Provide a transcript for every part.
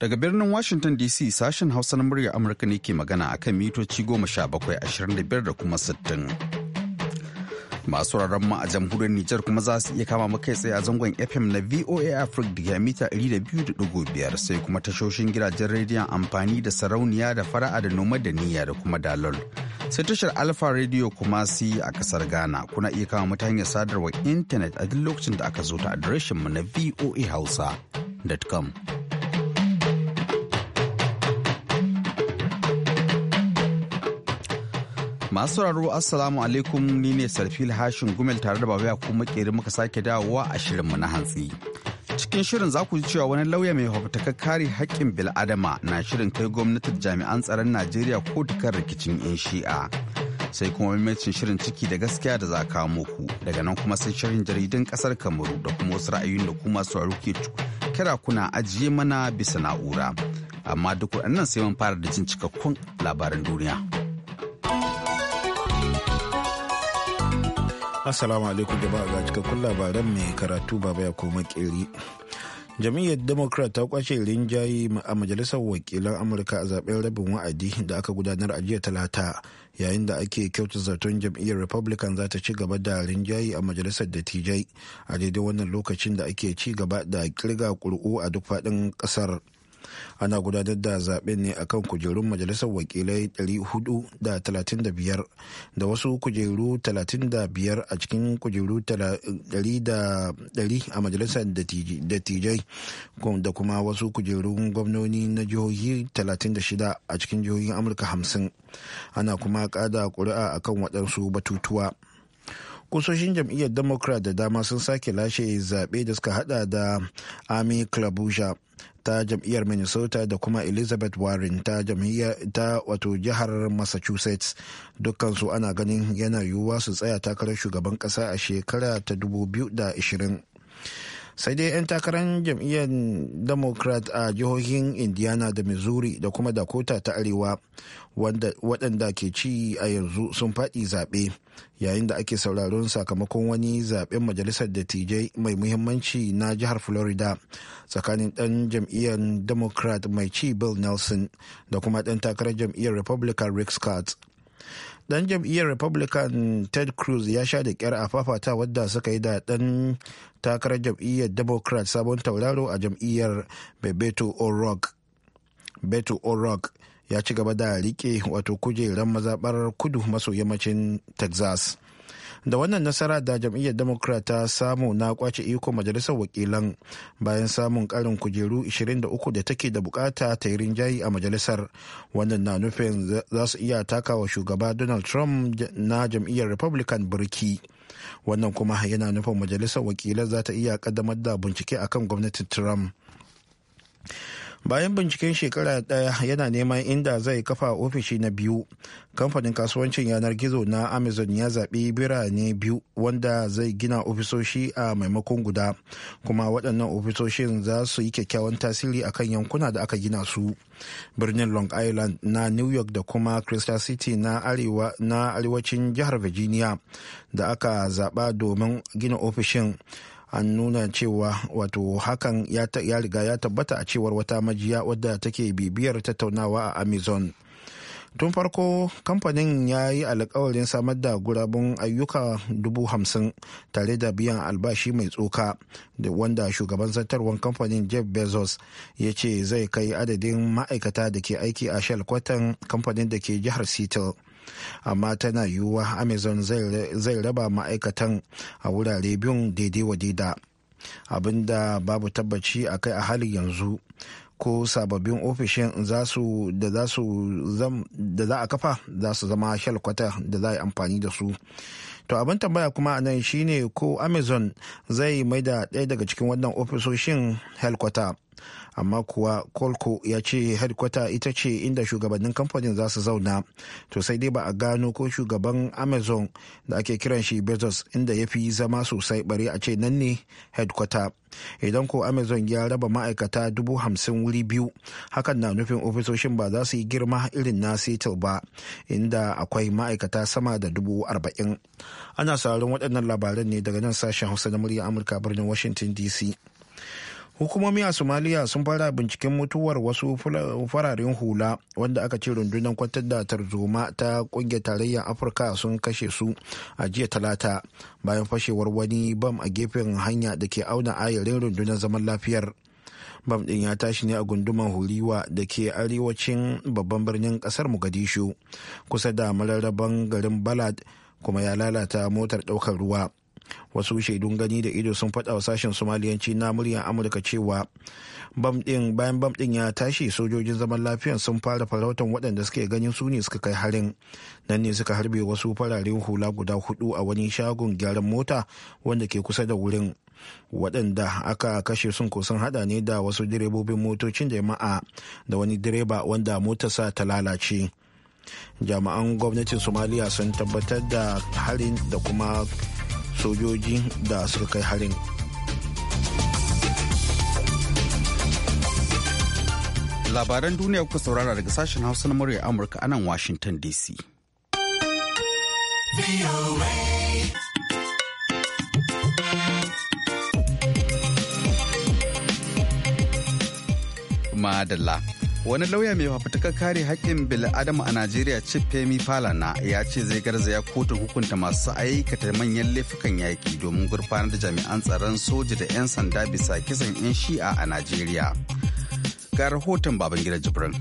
Daga birnin Washington DC sashen Hausa na murya Amurka ne ke magana a kan mitoci goma sha 1725 da kuma sittin Masu rarren ma a jamhuriyar Nijar kuma za su iya kama makai tsaye a zangon FM na VOA Africa da mita biyar sai kuma tashoshin gidajen rediyon amfani da sarauniya da fara'a da noma da niyya da kuma dalol. Sai tashar Alpha Radio kuma si a kasar Ghana kuna iya kama mutane hanyar sadarwar intanet a duk lokacin da aka zo ta adireshinmu na voahausa.com. Masu sauraro Assalamu alaikum ni ne Sarfil Hashin Gumel tare da Baba ko makeri muka sake dawowa a shirin mu na hantsi. Cikin shirin za ku ji cewa wani lauya mai ka kare haƙƙin bil'adama na shirin kai gwamnatin jami'an tsaron Najeriya ko kan rikicin 'yan shi'a. Sai kuma mamacin shirin ciki da gaskiya da za kawo muku daga nan kuma sai shirin jaridun ƙasar Kamaru da kuma wasu ra'ayoyin da kuma sauraro ke kira kuna ajiye mana bisa na'ura. Amma duk waɗannan sai mun fara da jin cikakkun labaran duniya. Assalamu alaikum jama'a ga cikakkun labaran mai karatu baba ya koma kiri. Jam'iyyar Democrat ta kwace rinjaye a majalisar wakilan Amurka a zaben rabin wa'adi da aka gudanar a jiya talata yayin da ake kyauta zaton jam'iyyar Republican za ta ci gaba da rinjaye a majalisar dattijai a daidai wannan lokacin da ake ci gaba da kirga ƙuri'u a duk faɗin ƙasar. ana gudanar da zaben ne a kan kujerun majalisar wakilai 435 da wasu kujeru 35 a cikin kujeru 100 a majalisar dattijai da kuma wasu kujerun gwamnoni na jihohi 36 a cikin jihohin amurka 50 ana kuma kada kuri'a akan waɗansu batutuwa. kusoshin jam'iyyar democrat da dama sun sake lashe zaɓe da suka hada da ami klabuja ta jam'iyyar minnesota da kuma elizabeth warren ta jam'iyyar ta wato jihar massachusetts dukkansu ana ganin yana yiwuwa su tsaya takarar shugaban ƙasa a shekara ta 2020 sai dai 'yan takarar jam'iyyar democrat a jihohin indiana da missouri da kuma dakota ta arewa waɗanda ke ci a yanzu sun faɗi zaɓe yayin da ake sauraron sakamakon wani zaɓen majalisar dattijai mai muhimmanci na jihar florida tsakanin ɗan jam'iyyar democrat mai ci bill nelson da kuma ɗan takarar jam'iyyar republican rick scott dan jam'iyyar republican ted cruz ya sha da kyar a fafata wadda suka yi da dan takarar jam'iyyar democrat sabon tauraro a jam'iyyar bebeto o'rourke beto o'rourke ya ci gaba da rike wato kujerar mazaɓar kudu maso yammacin texas da wannan nasara da jam'iyyar democrat ta samu na kwace iko majalisar wakilan bayan samun karin kujeru 23 da take da bukata ta yi rinjayi a majalisar wannan na nufin za su iya takawa shugaba donald trump na jam'iyyar republican birki wannan kuma yana nufin majalisar wakilan za ta iya kaddamar da bincike akan gwamnatin trump bayan binciken shekara daya yana neman inda zai kafa ofishi na biyu kamfanin kasuwancin yanar gizo na amazon ya zaɓi birane biyu wanda zai gina ofisoshi a maimakon guda kuma waɗannan ofisoshin za su yi kyakkyawan tasiri akan yankuna da aka gina su birnin long island na new york da kuma crystal city na arewacin jihar virginia da aka zaɓa domin gina ofishin an nuna cewa wato hakan ya riga ya tabbata a cewar wata majiya wadda take bibiyar tattaunawa a amazon tun farko kamfanin ya yi alkawarin samar da gurabun ayyuka 50,000 tare da biyan albashi mai tsoka wanda shugaban zartarwar kamfanin jeff bezos ya ce zai kai adadin ma'aikata da ke aiki a shelkwatan kamfanin da ke jihar seattle amma tana yiwuwa amazon zai raba ma'aikatan a wurare biyun daidai wadida abinda babu tabbaci a kai a halin yanzu ko sababbin ofishin da za a kafa za su zama shalkwata da za a yi amfani da su to abin tambaya kuma a nan shine ko amazon zai maida ɗaya daga cikin wannan ofisoshin helkwata amma kuwa kolko ya ce headquarter ita ce inda shugabannin kamfanin za su zauna to sai dai ba a gano ko shugaban amazon da ake kiran shi bezos inda ya fi zama sosai bari a ce nan ne headquarter idan ko amazon ya raba ma'aikata dubu hamsin wuri biyu hakan na nufin ofisoshin ba za su yi girma irin na seattle ba inda akwai ma'aikata sama da dubu arba'in ana sauraron waɗannan labaran ne daga nan sashen hausa na murya amurka birnin washington dc hukumomi a somaliya sun fara binciken mutuwar wasu fararen hula wanda aka ce rundunar kwantar da tarzoma ta kungiyar tarayyar afirka sun kashe su a jiya talata bayan fashewar wani bam a gefen hanya da ke auna ayarin rundunar zaman lafiyar bam din ya tashi ne a gunduman huriwa da ke arewacin babban birnin kasar mugadishu kusa da mararraban garin balad kuma ya lalata motar ɗaukar ruwa wasu shaidun gani da ido sun faɗa wa sashen somaliyanci na muryar amurka cewa bam ɗin bayan bam ɗin ya tashi sojojin zaman lafiyan sun fara farautan waɗanda suke ganin su ne suka kai harin nan ne suka harbe wasu fararen hula guda hudu a wani shagon gyaran mota wanda ke kusa da wurin waɗanda aka kashe sun kusan hada ne da wasu direbobin motocin jama'a da wani direba wanda motarsa ta lalace jami'an gwamnatin somaliya sun tabbatar da harin da kuma sojoji da suka kai harin labaran duniya kuka saurara daga sashen hausa na murya amurka a nan washington dc madalla wani lauya mai fafutukar kare haƙƙin bil'adama a najeriya femi falana ya ce zai garzaya kotun hukunta masu aikata manyan laifukan yaƙi domin gurfanar da jami'an tsaron soja da 'yan sanda bisa kisan 'yan shi'a a najeriya ga rahoton babangida jibrin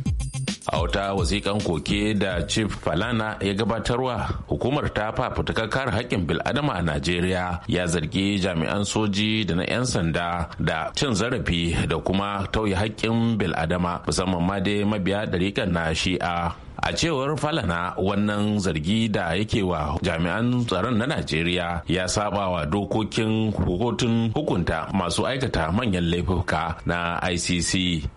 a wata wasikan koke da chief falana ya gabatarwa hukumar ta fafutukar kare haƙƙin bil'adama a najeriya ya zargi jami'an soji da na 'yan sanda da cin zarafi da kuma tauye haƙƙin bil'adama musamman ma dai mabiya ɗariƙar na shi'a a cewar falana wannan zargi da yake wa jami'an tsaron na najeriya ya saba wa dokokin hotun hukunta masu aikata manyan laifuka na icc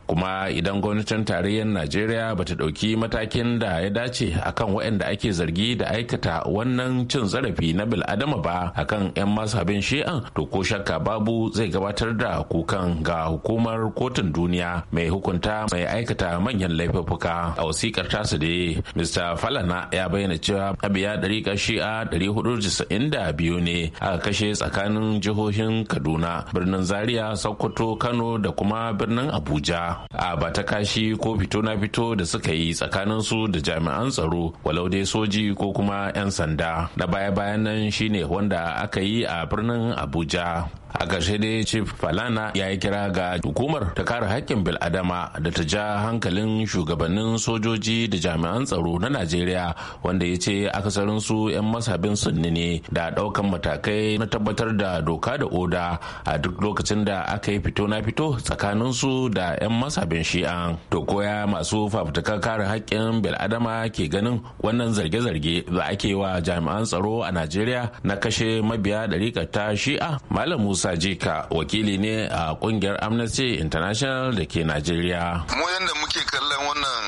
kuma idan gwamnatin tarayyar najeriya ba ta ɗauki matakin da ya dace akan waɗanda ake zargi da aikata wannan cin zarafi na bil'adama ba akan 'yan masu abin shi'an to ko shakka babu zai gabatar da kukan ga hukumar kotun duniya mai hukunta mai aikata manyan laifuka a wasikar tasu da dai mr falana ya bayyana cewa hudu ɗariƙa da biyu ne aka kashe tsakanin jihohin kaduna birnin zaria sokoto kano da kuma birnin abuja a bata kashi ko fito na fito da suka yi tsakanin su da jami'an tsaro walau dai soji ko kuma 'yan sanda na baya-bayan nan shine wanda aka yi a birnin abuja a ƙarshe dai chief falana ya yi kira ga hukumar ta kare haƙƙin bil'adama da ta ja hankalin shugabannin sojoji da jami'an tsaro na najeriya wanda ya ce akasarin su 'yan masabin sunni ne da ɗaukan matakai na tabbatar da doka da oda a duk lokacin da aka yi fito na fito tsakanin su da 'yan masabin Shi'a. to koya masu fafutukar kare haƙƙin bil'adama ke ganin wannan zarge-zarge da ake wa jami'an tsaro a najeriya na kashe mabiya ɗariƙar ta shi'a malam musa musa jika wakili ne a kungiyar amnesty international da ke najeriya mu yadda muke kallon wannan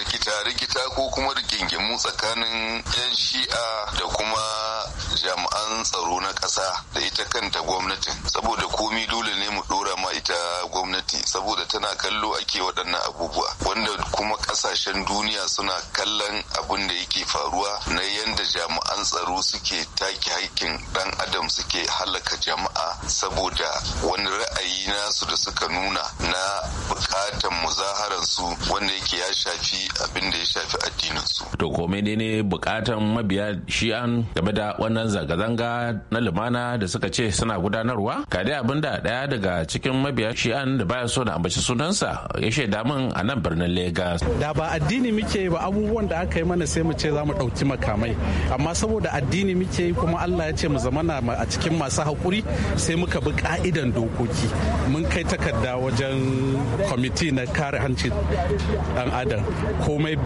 rikita-rikita ko kuma rigingimu tsakanin 'yan shi'a tsaro na ƙasa da ita kanta gwamnatin saboda komi dole ne mu dora ma ita gwamnati saboda tana kallo ake waɗannan abubuwa wanda kuma ƙasashen duniya suna kallon abin da yake faruwa na yadda jami'an tsaro suke take haƙƙin ɗan adam suke halaka jama'a saboda wani ra'ayi nasu da suka nuna na buƙatan muzaharan su wanda yake ya shafi abin da ya shafi addinin su. To komai dai ne buƙatan mabiya shi'an game da wannan zanga-zanga na lumana da suka ce suna gudanarwa ka dai abin da daya daga cikin mabiya shi'an da baya so na ambaci sunansa ya shaida min a nan birnin Legas. Da ba addini muke ba abubuwan da aka yi mana sai mu ce za mu ɗauki makamai amma saboda addini muke kuma Allah ya ce mu zamana a cikin masu haƙuri sai muka bi ka'idan dokoki mun kai takarda wajen kwamiti na kare hanci dan adam komai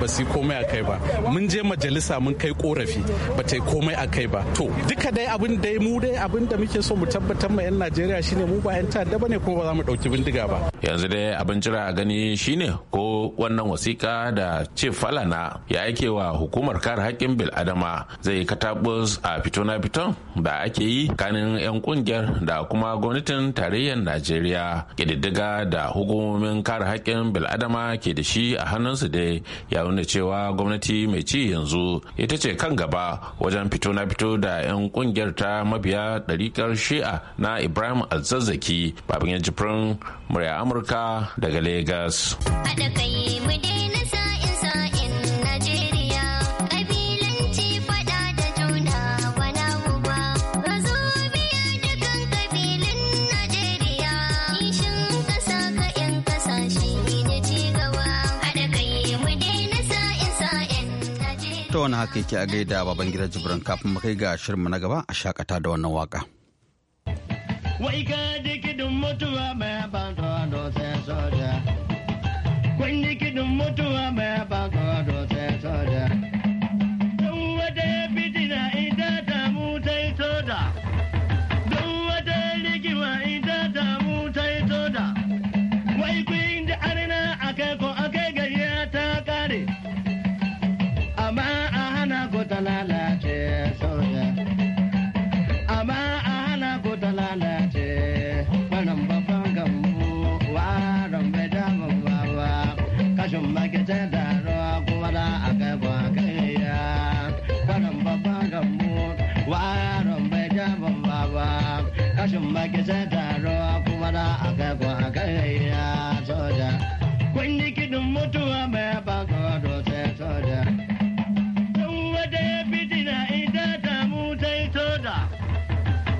ba su komai a kai ba mun je majalisa mun kai korafi ba ta yi komai a kai ba to duka dai abin dai mu dai abin da muke so mu tabbatar ma 'yan najeriya shine mu ba 'yan ta'adda ne kuma ba za mu ɗauki bindiga ba yanzu dai abin jira a gani shine ko wannan wasiƙa da ce falana ya aike wa hukumar kare haƙƙin bil'adama zai katabus a fito na fiton da ake yi kanin 'yan kungiyar da kuma gwamnatin tarayyar najeriya ƙididdiga da hukumomin kare haƙƙin bil'adama ke da shi a hannunsu dai ya nuna cewa gwamnati mai ci yanzu ita ce kan gaba wajen fito na fito da 'yan kungiyar ta mabiya ɗariƙar shi'a na ibrahim alzazzaki babin ya firin murya amurka daga lagos kai ta wani haka yake a gaida baban gida jibran kafin mu kai ga shirinmu na gaba a shakata da wannan waka. Wai ka dikidin mutuwa mai ban tsoro sai soja. kashin baki sai taro kuma na aka ko aka ya soja kun yi kidin mutuwa mai bako do sai soja don wata ya fitina ita ta mu tai soja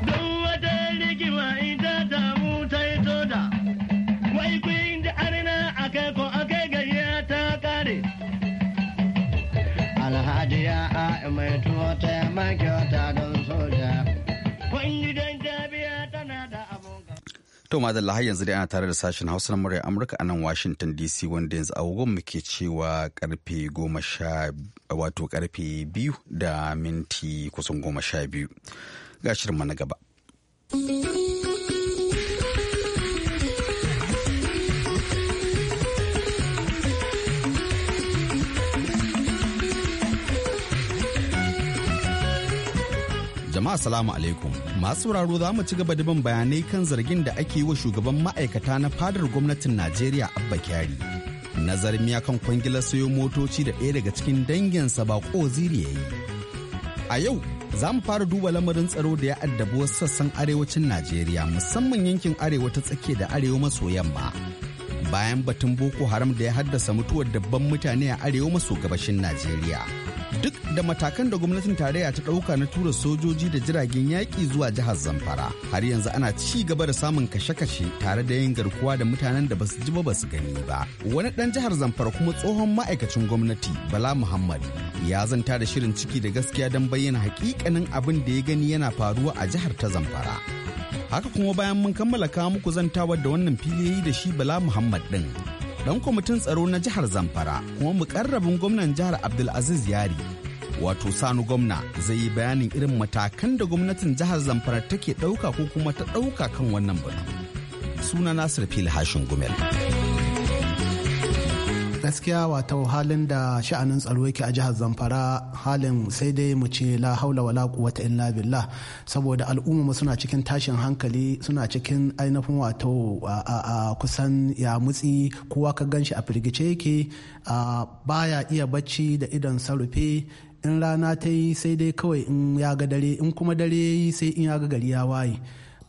don wata rigima ita ta mu tai soja wai kun ji arna aka ko aka ya ta kare alhaji ya a mai tuwa ta makyota To da har yanzu dai ana tare da sashen Hausa na murya Amurka a nan Washington DC wanda yanzu agogon muke cewa karfe goma sha wato karfe biyu da minti kusan goma sha biyu. Ga na gaba. Jama'a salamu alaikum. Masu sauraro za mu ci gaba da bin bayanai kan zargin da ake yi wa shugaban ma'aikata na fadar gwamnatin Najeriya Abba Kyari. Nazarin ya kan kwangilar sayo motoci da ɗaya daga cikin danginsa ba ziri ya yi. A yau za mu fara duba lamarin tsaro da ya addabi wasu sassan arewacin Najeriya musamman yankin arewa ta tsakiya da arewa maso yamma. Bayan batun Boko Haram da ya haddasa mutuwar dabban mutane a arewa maso gabashin Najeriya. duk da matakan da gwamnatin tarayya ta ɗauka na tura sojoji da jiragen yaƙi zuwa jihar zamfara har yanzu ana ci gaba da samun kashe-kashe tare da yin garkuwa da mutanen da basu ji ba basu gani ba wani ɗan jihar zamfara kuma tsohon ma'aikacin gwamnati bala muhammad ya zanta da shirin ciki da gaskiya don bayyana hakikanin abin da ya gani yana faruwa a jihar ta zamfara haka kuma bayan mun kammala kawo muku zantawar da wannan fili da shi bala muhammad ɗin dan kwamitin tsaro na jihar zamfara kuma mukarrabin gwamnan jihar abdulaziz yari wato sanu gwamna zai yi bayanin irin matakan da gwamnatin jihar zamfara take ɗauka ko kuma ta ɗauka kan wannan batu suna nasir fil hashin gumel. gaskiya wato halin da sha'anin tsaro yake a jihar zamfara halin sai dai mu ce la haula wala quwwata illa billah saboda al'umma suna cikin tashin hankali suna cikin ainihin wato a kusan ya mutsi kowa ka ganshi a firgice yake baya iya bacci da idan sarufe in rana ta yi sai dai kawai in ya ga dare in kuma dare sai in ya ga gari ya waye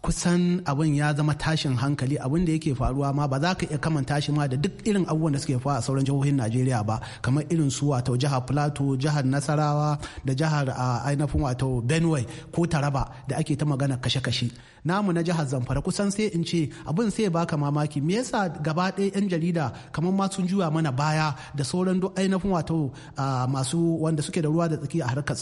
kusan abin ya zama tashin hankali abin da yake faruwa ma ba za ka iya kaman tashi ma da duk irin abubuwan da suke faruwa a sauran jihohin Najeriya ba kamar irin su wato jihar Plateau jihar Nasarawa da jihar ainihin wato Benue ko Taraba da ake ta magana kashe-kashe namu na jihar Zamfara kusan sai in ce abin sai baka mamaki me yasa gaba ɗaya yan jarida kamar ma sun juya mana baya da sauran duk ainihin wato masu wanda suke da ruwa da tsaki a harkar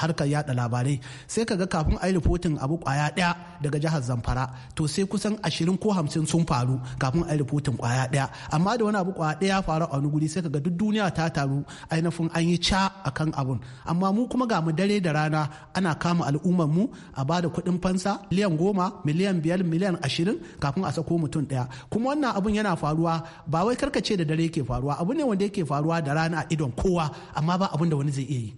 harkar yada labarai sai kaga kafin ayi rifotin abu kwaya ɗaya daga jihar zamfara to sai kusan ashirin ko hamsin sun faru kafin a yi rifotin kwaya daya amma da wani abu kwaya daya faru a wani guri sai kaga duk duniya ta taru ainihin an yi ca akan abun amma mu kuma ga mu dare da rana ana kama al'ummar mu a bada kuɗin fansa miliyan goma miliyan biyar miliyan ashirin kafin a sako mutum daya kuma wannan abun yana faruwa ba wai karkace da dare ke faruwa abu ne wanda yake faruwa da rana a idon kowa amma ba abun da wani zai iya yi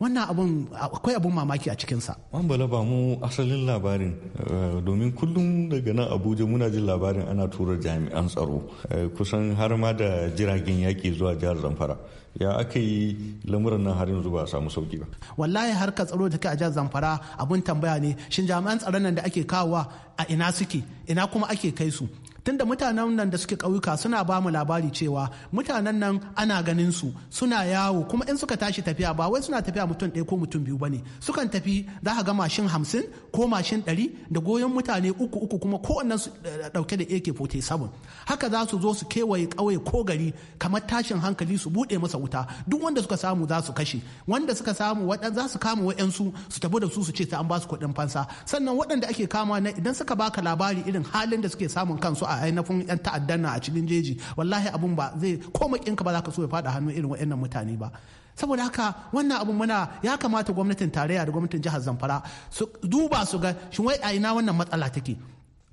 wannan abun akwai abun mamaki a cikinsa. bala ba mu asalin labarin eh, domin kullum daga nan Abuja muna jin labarin ana tura jami'an tsaro eh, kusan har ma da jiragen yaƙi zuwa jihar Zamfara. Ya aka yi lamuran nan har yanzu ba a samu sauki ba. Wallahi har ka tsaro da take a jihar Zamfara abun tambaya ne shin jami'an tsaron nan da ake kawowa a ina suke ina kuma ake kai su tunda mutanen nan da suke kauyuka suna ba mu labari cewa mutanen nan ana ganin su suna yawo kuma in suka tashi tafiya ba wai suna tafiya mutum ɗaya ko mutum biyu bane sukan tafi za ka ga mashin hamsin ko mashin ɗari da goyon mutane uku uku kuma ko wannan su eh, ɗauke da AK47 haka za su zo su kewaye ƙauye ko gari kamar tashin hankali su buɗe masa wuta duk wanda suka samu za su kashe wanda suka samu za su kama wa'yansu su tafi da su su ce ta an ba su kuɗin fansa sannan waɗanda ake kama na idan suka baka labari irin halin da suke samun kansu a a ainihin yan ta'addan na a cikin jeji wallahi abun ba zai ko ka ba za ka so ya fada hannu irin waɗannan mutane ba saboda haka wannan abun muna ya kamata gwamnatin tarayya da gwamnatin jihar zamfara su duba su ga shin wai a ina wannan matsala take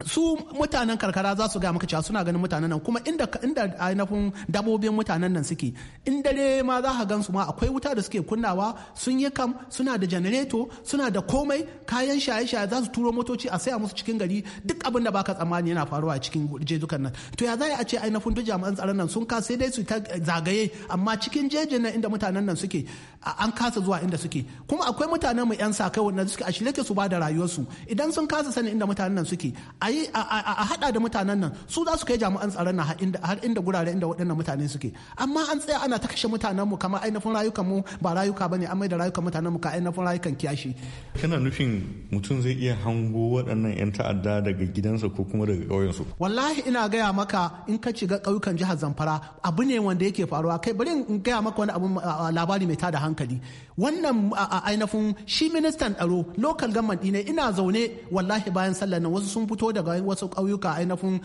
su mutanen karkara za su ga maka cewa suna ganin mutanen nan kuma inda inda ainihin dabobin mutanen nan suke in dare ma za ka gan su ma akwai wuta da suke kunnawa sun yi kam suna da janareto suna da komai kayan shaye-shaye za su turo motoci a saya musu cikin gari duk abin da baka tsammani yana faruwa a cikin jejukan nan to ya za a ce ainihin duk jami'an tsaron nan sun kasa sai dai su ta zagaye amma cikin jejin nan inda mutanen nan suke an kasa zuwa inda suke kuma akwai mutanen mu yan sa kai wanda suke a shirye su ba da rayuwarsu idan sun kasa sanin inda mutanen nan suke a yi a hada da mutanen nan su za su kai jami'an tsaron nan har inda gurare inda waɗannan mutane suke amma an tsaya ana ta kashe mutanen mu kamar ainihin rayukan mu ba rayuka bane amma da rayukan mutanen mu ka ainihin rayukan kiyashi kana nufin mutum zai iya hango waɗannan yan ta'adda daga gidansa ko kuma daga su wallahi ina gaya maka in ka shiga ƙauyukan jihar Zamfara abu ne wanda yake faruwa kai bari in gaya maka wani abu labari mai tada hankali wannan ainihin shi ministan tsaro local government ne ina zaune wallahi bayan sallar nan wasu sun fito daga wasu ƙauyuka ainihin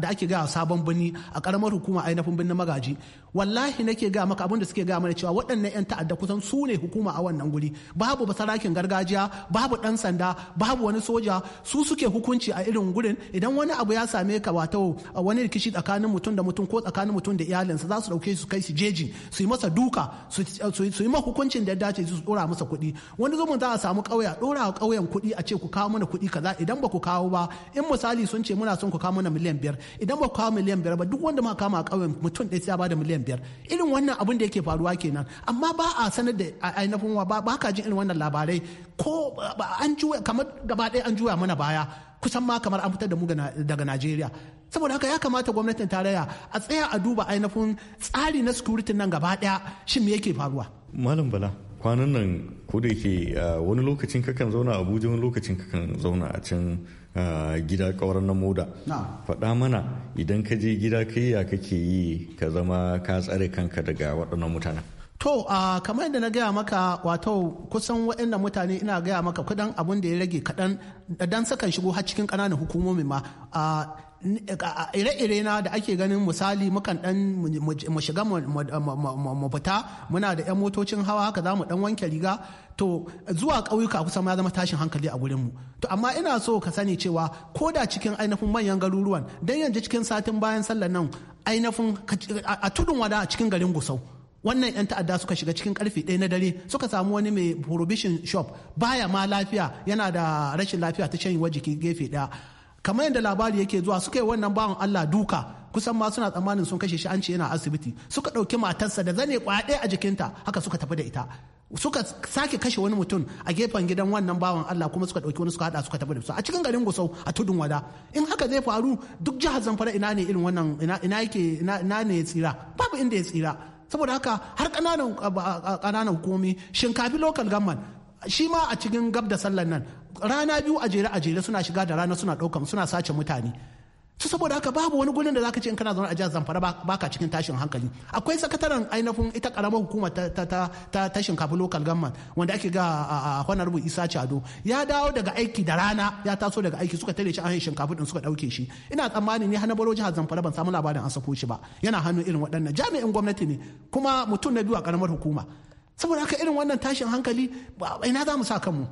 da ake gaya sabon birni a karamar hukuma ainihin birnin magaji wallahi nake ga maka abin da suke ga mana cewa waɗannan 'yan ta'adda kusan su ne hukuma a wannan guri babu basarakin gargajiya babu ɗan sanda babu wani soja su suke hukunci a irin gurin idan wani abu ya same ka wato wani rikici tsakanin mutum da mutum ko tsakanin mutum da iyalinsa za su ɗauke su kai su jeji su yi masa duka su yi hukuncin da ya dace su ɗora masa kuɗi wani zumun za a samu ƙauye a ɗora ƙauyen kuɗi a ce ku kawo mana kuɗi kaza idan ba ku kawo ba in misali sun ce muna son ku kawo mana miliyan biyar idan ba ku kawo miliyan biyar ba duk wanda ma kama a ƙauyen mutum ɗaya sai ya bada miliyan miliyan biyar irin wannan abin da yake faruwa kenan amma ba a sanar da ainihin wa ba ka jin irin wannan labarai ko an juya kamar gaba ɗaya an juya mana baya kusan ma kamar an fitar da mu daga najeriya saboda haka ya kamata gwamnatin tarayya a tsaya a duba ainihin tsari na security nan gaba ɗaya shin me yake faruwa malam bala kwanan nan ko da yake ah, wani lokacin kakan zauna abuja wani lokacin kakan zauna a can gida kawar na moda faɗa mana idan ka je gida yi ya kake yi ka zama ka tsare kanka daga waɗannan mutanen To, uh, kamar yadda na gaya maka wato kusan waɗannan mutane ina gaya maka kudan abun da ya rage kaɗan dan sakan shigo har cikin ƙananan hukumomi ma. Uh, ire-ire na da ake ganin misali mukan dan mu shiga mu fita muna da 'yan motocin hawa haka za mu dan wanke riga to zuwa ƙauyuka kusa ma zama tashin hankali a mu. to amma ina so ka sani cewa ko da cikin ainihin manyan garuruwan dan yanzu cikin satin bayan sallar nan ainihin a tudun wada a cikin garin gusau wannan 'yan ta'adda suka shiga cikin karfe ɗaya na dare suka samu wani mai prohibition shop baya ma lafiya yana da rashin lafiya ta shan jiki gefe ɗaya kamar yadda labari yake zuwa suka yi wannan bawan Allah duka kusan ma suna tsammanin sun kashe shi an ce yana asibiti suka ɗauki matarsa da zane kwaɗe a jikinta haka suka tafi da ita suka sake kashe wani mutum a gefen gidan wannan bawan Allah kuma suka ɗauki wani suka haɗa suka tafi da su a cikin garin Gusau a tudun wada in haka zai faru duk jihar Zamfara ina ne irin wannan ina yake ina ne ya tsira babu inda ya tsira saboda haka har ƙananan ƙananan hukumomi shinkafi local government shi ma a cikin gab da sallan nan rana biyu a jere a jere suna shiga da rana suna ɗaukan suna sace mutane su saboda haka babu wani gurin da zaka ce in kana zaune a jihar Zamfara baka cikin tashin hankali akwai sakataren ainihin ita karamar hukumar ta ta ta tashin kafi local government wanda ake ga a honorable Isa Chado ya dawo daga aiki da rana ya taso daga aiki suka tare shi a shinkafa din suka dauke shi ina tsammani ni hana baro jihar Zamfara ban samu labarin an sako shi ba yana hannu irin waɗannan jami'in gwamnati ne kuma mutum na biyu a karamar hukuma saboda haka irin wannan tashin hankali ina za mu sa kanmu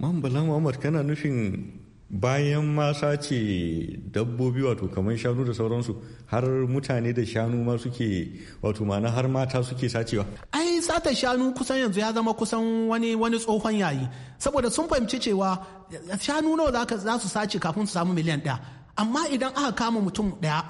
Mambalan Umar kana nufin bayan ma sace dabbobi wato kamar shanu da sauransu har mutane da shanu ma suke wato ma'ana har mata suke sacewa ai sata shanu kusan yanzu ya zama kusan wani wani tsohon yayi saboda sun fahimci cewa shanu nawa za su sace kafin su samu miliyan ɗaya amma idan aka kama mutum ɗaya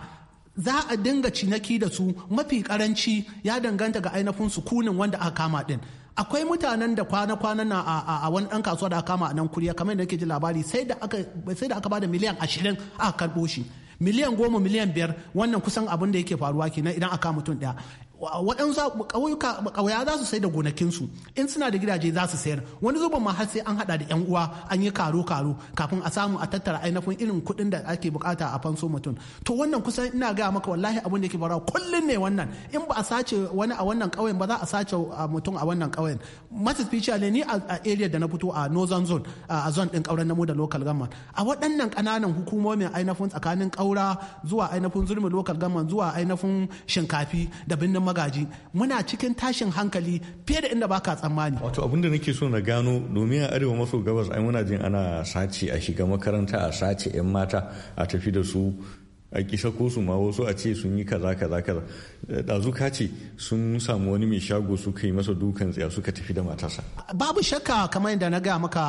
za a dinga cinaki da su mafi karanci ya danganta ga ainihin sukunin wanda aka kama din akwai mutanen da kwana kwana na a wani dan kasuwa da aka kama a nan kuriya kamar da nake ji labari sai da aka bada miliyan ashirin aka karbo shi miliyan goma miliyan biyar wannan kusan abin da yake faruwa kenan idan aka mutum daya waɗansu ƙauyuka za su sai da gonakinsu in suna da gidaje za su sayar wani zuba ma har sai an hada da yan uwa an yi karo karo kafin a samu a tattara ainihin irin kuɗin da ake bukata a fanso mutum to wannan kusan ina gaya maka wallahi abin da yake bara kullum ne wannan in ba a sace wani a wannan ƙauyen ba za a sace mutum a wannan ƙauyen masu ficha ne ni a area da na fito a northern zone a zone din ƙauren namu da local government a waɗannan ƙananan hukumomin ainihin tsakanin ƙaura zuwa ainihin zurmi local government zuwa ainihin shinkafi da birnin magaji muna cikin tashin hankali fiye da inda baka tsammani wato abin da nake so na gano domin a arewa maso gabas ai muna jin ana sace a shiga makaranta a sace yan mata a tafi da su a kisa ko su ma wasu a ce sun yi kaza kaza kaza ɗazu ka ce sun samu wani mai shago suka yi masa dukan tsaya suka tafi da matasa. babu shakka kamar yadda na gaya maka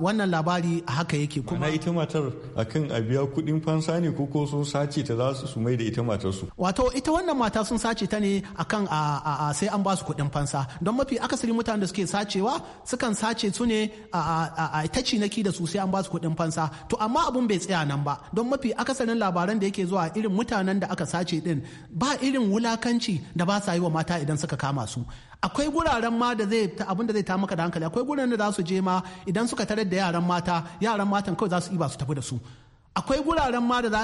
wannan labari haka yake kuma ita matar akan a biya kuɗin fansa ne ko ko sun sace ta za su mai da ita matar su wato ita wannan mata sun sace ta ne akan a sai an ba su kuɗin fansa don mafi akasari mutanen da suke sacewa sukan sace su ne a ta cinaki da su sai an ba su kuɗin fansa to amma abun bai tsaya nan ba don mafi akasarin labaran da yake zuwa irin mutanen da aka sace din ba irin wulakanci da ba sa yi wa mata idan suka kama su akwai guraren ma da zai abin da zai ta maka da hankali akwai guraren da za su je ma idan suka tarar da yaran mata yaran matan kawai za su iba su tafi da su akwai guraren ma da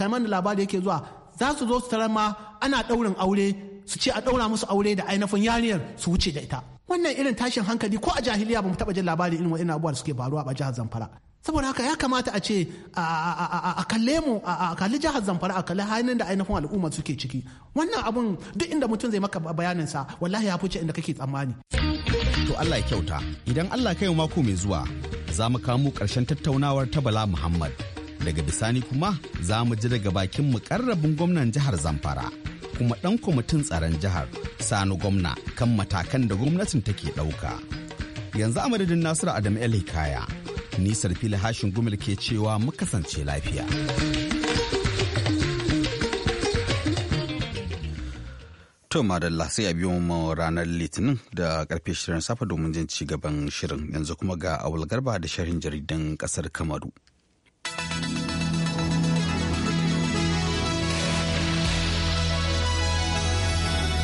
kamar da labari yake zuwa za su zo su tarar ma ana daurin aure su ce a daura musu aure da ainihin yariyar su wuce da ita wannan irin tashin hankali ko a jahiliya ba mu taba jin labari irin wa'in abubuwa da suke faruwa a jihar zamfara saboda haka ya kamata a ce a kalle mu a kalli jihar zamfara a kalli hanyar da ainihin al'umma suke ciki wannan abun duk inda mutum zai maka bayanin sa wallahi ya fice inda kake tsammani to Allah ya kyauta idan Allah kai mako mai zuwa za mu kawo karshen tattaunawar ta Bala Muhammad daga bisani kuma za mu ji daga bakin mukarrabin gwamnan jihar Zamfara kuma dan kwamitin tsaron jihar Sani gwamna kan matakan da gwamnatin take dauka yanzu a madadin Nasiru Adam El Hikaya Nisar fili hashin gumil ke cewa mu kasance lafiya. To madalla sai a biyo mu ranar litinin da karfe shirin safa domin jin ci gaban shirin yanzu kuma ga awul garba da shirin jaridan kasar Kamaru.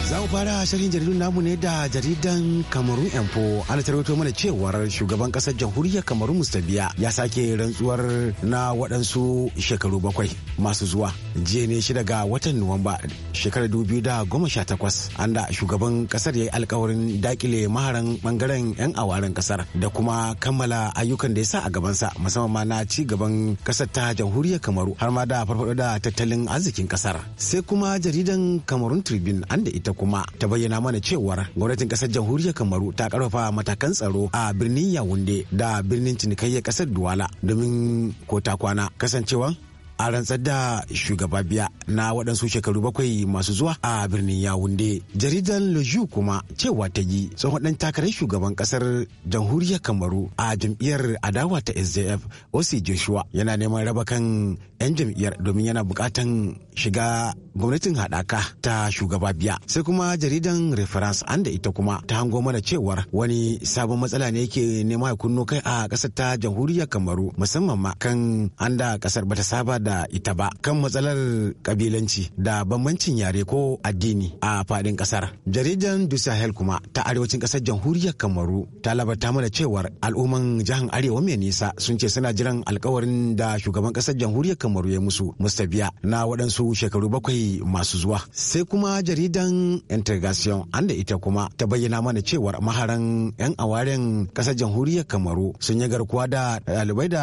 Za mu fara shirin jaridun namu ne da jaridan Kamarun Enfo ana tarwato mana cewar shugaban kasar jamhuriyar Kamarun Mustabiya ya sake rantsuwar na waɗansu shekaru bakwai masu zuwa. Jiya ne shi daga watan Nuwamba shekarar dubu da goma sha takwas an da shugaban kasar ya yi alkawarin dakile maharan bangaren 'yan awaren kasar da kuma kammala ayyukan da ya sa a gabansa musamman ma na ci gaban kasar ta jamhuriyar Kamaru har ma da farfaɗo da tattalin arzikin kasar. Sai kuma jaridan Kamarun Tribune an da ita kuma ta bayyana mana cewar gwamnatin kasar jamhuriyar kamaru ta karfafa matakan tsaro a birnin yawunde da birnin cinikayyar kasar duwala domin ko ta kwana kasancewa a rantsar da shugaba biya na waɗansu shekaru bakwai masu zuwa a birnin yawunde jaridar leju kuma cewa ta yi tsohon ɗan takarar shugaban ƙasar jamhuriyar kamaru a jam'iyyar adawa ta sdf osi joshua yana neman raba kan 'yan jam'iyyar domin yana buƙatan shiga gwamnatin haɗaka ta shugaba biya sai kuma jaridan reference an da ita kuma ta hango mana cewar wani sabon matsala ne yake nema ya kunno kai a ƙasar ta jamhuriyar kamaru musamman ma kan an da ƙasar bata saba da da ita ba kan matsalar kabilanci da bambancin yare ko addini a fadin kasar jaridan du sahel kuma ta arewacin kasar jamhuriyar kamaru ta labarta mana cewar al'umman jihar arewa mai nisa sun ce suna jiran alkawarin da shugaban kasar jamhuriyar kamaru ya musu mustabiya na waɗansu shekaru bakwai masu zuwa sai kuma jaridan integration an da ita kuma ta bayyana mana cewar maharan 'yan awaren kasar jamhuriyar kamaru sun yi garkuwa da ɗalibai da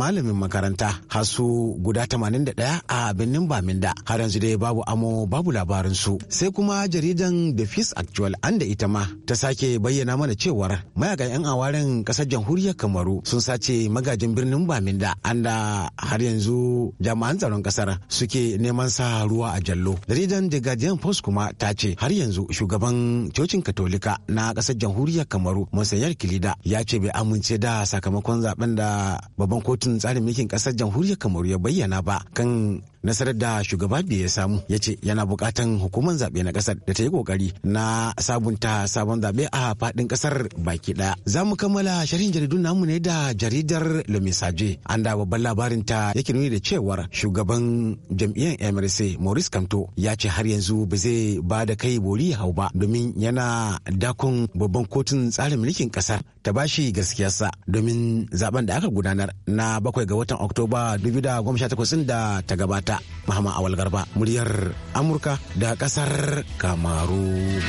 malamin makaranta hasu guda guda 81 a birnin Baminda har yanzu dai babu amo babu labarin su sai kuma jaridan The Peace Actual an da ita ma ta sake bayyana mana cewar mayakan 'yan awaren kasar jamhuriyar Kamaru sun sace magajin birnin Baminda an da har yanzu jami'an tsaron kasar suke neman sa ruwa a jallo jaridan The Guardian Post kuma ta ce har yanzu shugaban cocin katolika na kasar jamhuriyar Kamaru Monsignor Kilida ya ce bai amince da sakamakon zaben da babban kotun tsarin mulkin kasar jamhuriyar Kamaru ya bayyana bayyana ba kan nasarar da shugaba da ya samu ya ce yana bukatan hukumar zaɓe na ƙasar da ta yi ƙoƙari na sabunta sabon zaɓe a faɗin ƙasar baki ɗaya za mu kammala sharhin jaridun namu ne da jaridar lumisaje an da babban labarin ta yake nuni da cewar shugaban jam'iyyar mrc maurice kamto ya ce har yanzu ba zai ba da kai bori hau ba domin yana dakon babban kotun tsarin mulkin ƙasar ta ba shi gaskiyarsa domin zaben da aka gudanar na bakwai ga watan oktoba 2018 da ta gabata ta Mahama Awal Garba muryar Amurka da kasar Kamaru.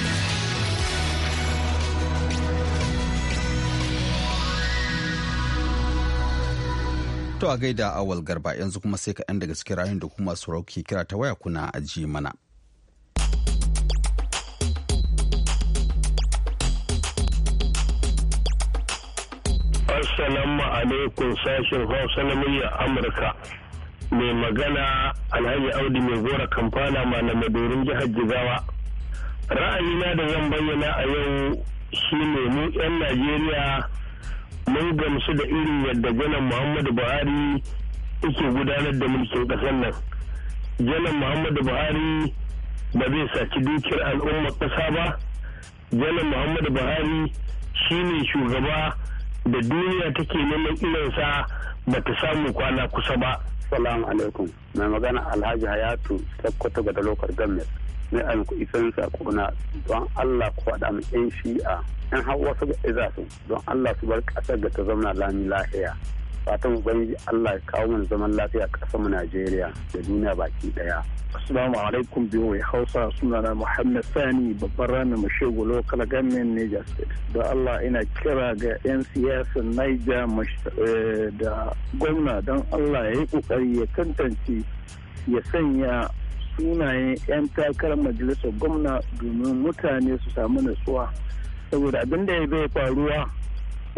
To a gaida Awal Garba yanzu kuma sai kaɗan daga cikin rayun da kuma su Rauki kira ta waya kuna ajiye mana. Assalamu alaikum sashen Hausa na murya Amurka. mai magana alhaji audu mai gora kamfana malamai dorin jihar jigawa ra'ayina da zan bayyana a yau shine mu 'yan najeriya mun gamsu da irin yadda janar muhammadu buhari yake gudanar da mulkin ƙasar nan janar muhammadu buhari ba zai saci dukiyar al'ummar ƙasa ba janar muhammadu buhari shi ne shugaba da duniya take neman irinsa ba ta samu kwana kusa ba Assalamu alaikum. Mai magana Alhaji Hayatu Sokoto ga dalokar Gamet. Ne an isan sakona don Allah ku faɗa mu ƴan shi'a. ƴan hawa wasu ga don Allah su bar ƙasar da ta zauna lami lahiya. fatan ubangiji Allah ya kawo mana zaman lafiya a ƙasar mu Najeriya da duniya baki daya. Assalamu alaikum biyoyi Hausa sunana Muhammad Sani babban rana mashego local government Niger State. Da Allah ina kira ga 'yan siyasa Niger eh, da gwamna don Allah ya yi kokari ya tantance ya sanya sunayen 'yan takarar majalisar gwamna domin mutane su samu natsuwa. Saboda abin da ya bai faruwa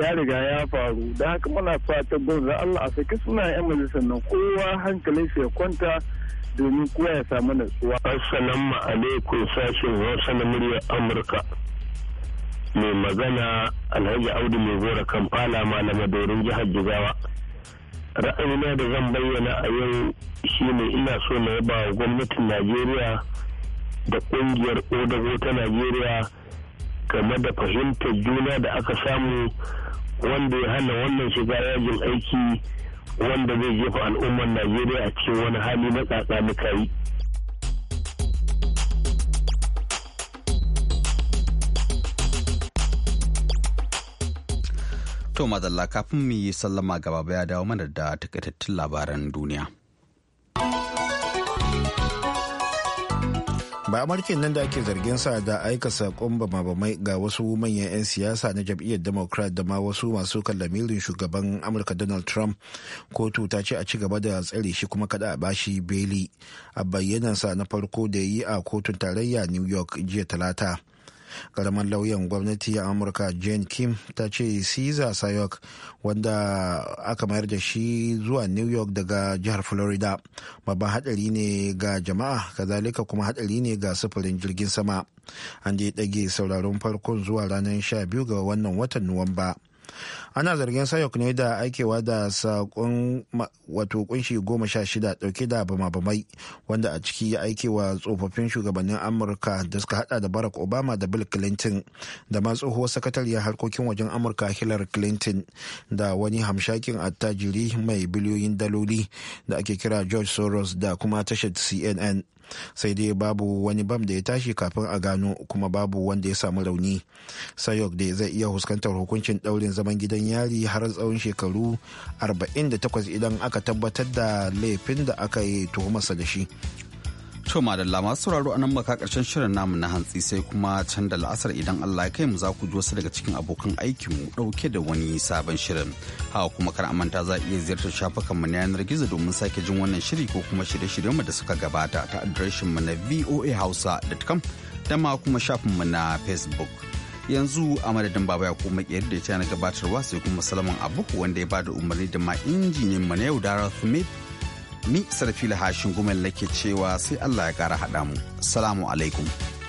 ya riga ya faru da haka muna fatan da Allah a saki suna yan majalisar nan kowa hankalin shi ya kwanta domin kowa ya samu natsuwa. Assalamu alaikum sashen Hausa na muryar Amurka. Mai magana Alhaji Audu mai gora Kampala malama Madorin jihar Jigawa. Ra'ayina da zan bayyana a yau shine ina so na yaba wa gwamnatin Najeriya da ƙungiyar Odago ta Najeriya game da fahimtar juna da aka samu wanda ya hana wannan shiga yajin aiki wanda zai jefa al'ummar najeriya a cikin wani hali na tsatsa na kai. to madalla kafin mu yi sallama gaba ya dawo mana da takaitattun labaran duniya ba amurkin nan da ake zargin sa da aika sakon bama mabamai ga wasu manyan 'yan siyasa na jam'iyyar democrat da ma wasu masu kallamirin shugaban amurka donald trump kotu ta ce a ci gaba da tsare shi kuma kada a bashi beli a bayyanansa na farko da yi a kotun tarayya new york jiya talata karamar lauyan gwamnati a amurka jane kim ta ce caesar sayok wanda aka mayar da shi zuwa new york daga jihar florida babban hadari ne ga jama'a kazalika kuma hadari ne ga sufurin jirgin sama an dai dage sauraron farkon zuwa ranar 12 ga wannan watan nuwamba. ana zargin sayok ne da aikewa da sakon wato kunshi goma sha shida dauke da bama-bamai wanda a ciki ya aikewa tsofaffin shugabannin amurka da suka hada da barack obama da bill clinton da ma tsohuwar sakatariyar harkokin wajen amurka hillary clinton da wani hamshakin attajiri mai biliyoyin daloli da ake kira george soros da kuma tashar cnn sai dai babu wani bam da ya tashi kafin a gano kuma babu wanda ya samu rauni sayok da zai iya fuskantar hukuncin daurin zaman gidan yari har tsawon shekaru 48 idan aka tabbatar da laifin da aka yi tuhumarsa da shi To da masu sauraro a nan maka karshen shirin namu na hantsi sai kuma can da la'asar idan Allah ya kai mu za ku ji wasu daga cikin abokan aikin mu dauke da wani sabon shirin. Hawa kuma kar manta za iya ziyartar shafukan mu na yanar gizo domin sake jin wannan shiri ko kuma shirye-shiryen mu da suka gabata ta adireshin mu na voahausa.com da ma kuma shafin mu na Facebook. Yanzu a madadin baba ya kuma kiyar da ya na gabatarwa sai kuma Salaman Abu wanda ya bada umarni da ma injiniyan mu na yau da Smith ni sarfila hashin gumel nake cewa sai allah ya kara haɗa mu salamu alaikum